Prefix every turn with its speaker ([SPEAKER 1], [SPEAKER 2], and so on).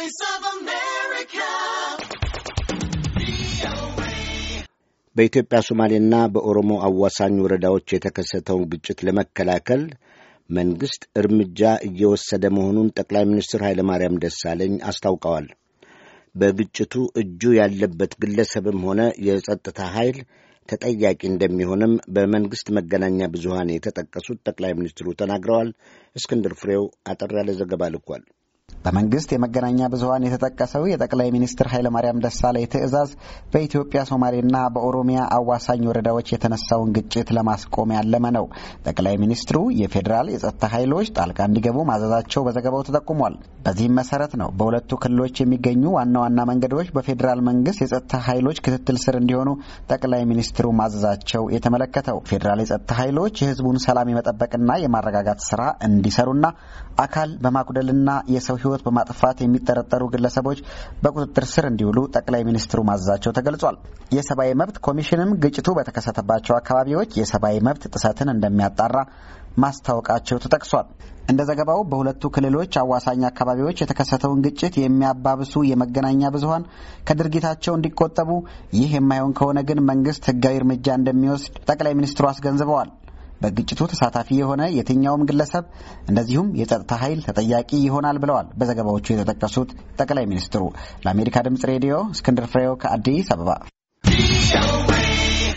[SPEAKER 1] Voice of America.
[SPEAKER 2] በኢትዮጵያ ሶማሌና በኦሮሞ አዋሳኝ ወረዳዎች የተከሰተውን ግጭት ለመከላከል መንግሥት እርምጃ እየወሰደ መሆኑን ጠቅላይ ሚኒስትር ኃይለማርያም ደሳለኝ አስታውቀዋል። በግጭቱ እጁ ያለበት ግለሰብም ሆነ የጸጥታ ኃይል ተጠያቂ እንደሚሆንም በመንግሥት መገናኛ ብዙሃን የተጠቀሱት ጠቅላይ ሚኒስትሩ ተናግረዋል። እስክንድር ፍሬው አጠር ያለ ዘገባ ልኳል።
[SPEAKER 1] በመንግስት የመገናኛ ብዙሀን የተጠቀሰው የጠቅላይ ሚኒስትር ኃይለማርያም ደሳለኝ ትዕዛዝ በኢትዮጵያ ሶማሌና በኦሮሚያ አዋሳኝ ወረዳዎች የተነሳውን ግጭት ለማስቆም ያለመ ነው። ጠቅላይ ሚኒስትሩ የፌዴራል የጸጥታ ኃይሎች ጣልቃ እንዲገቡ ማዘዛቸው በዘገባው ተጠቁሟል። በዚህም መሰረት ነው በሁለቱ ክልሎች የሚገኙ ዋና ዋና መንገዶች በፌዴራል መንግስት የጸጥታ ኃይሎች ክትትል ስር እንዲሆኑ ጠቅላይ ሚኒስትሩ ማዘዛቸው የተመለከተው። ፌዴራል የጸጥታ ኃይሎች የህዝቡን ሰላም የመጠበቅና የማረጋጋት ስራ እንዲሰሩና አካል በማጉደልና የሰው ህይወት በማጥፋት የሚጠረጠሩ ግለሰቦች በቁጥጥር ስር እንዲውሉ ጠቅላይ ሚኒስትሩ ማዘዛቸው ተገልጿል። የሰብአዊ መብት ኮሚሽንም ግጭቱ በተከሰተባቸው አካባቢዎች የሰብአዊ መብት ጥሰትን እንደሚያጣራ ማስታወቃቸው ተጠቅሷል። እንደ ዘገባው በሁለቱ ክልሎች አዋሳኝ አካባቢዎች የተከሰተውን ግጭት የሚያባብሱ የመገናኛ ብዙሀን ከድርጊታቸው እንዲቆጠቡ፣ ይህ የማይሆን ከሆነ ግን መንግስት ህጋዊ እርምጃ እንደሚወስድ ጠቅላይ ሚኒስትሩ አስገንዝበዋል። በግጭቱ ተሳታፊ የሆነ የትኛውም ግለሰብ እንደዚሁም የጸጥታ ኃይል ተጠያቂ ይሆናል ብለዋል በዘገባዎቹ የተጠቀሱት
[SPEAKER 2] ጠቅላይ ሚኒስትሩ። ለአሜሪካ ድምጽ ሬዲዮ እስክንድር ፍሬው ከአዲስ አበባ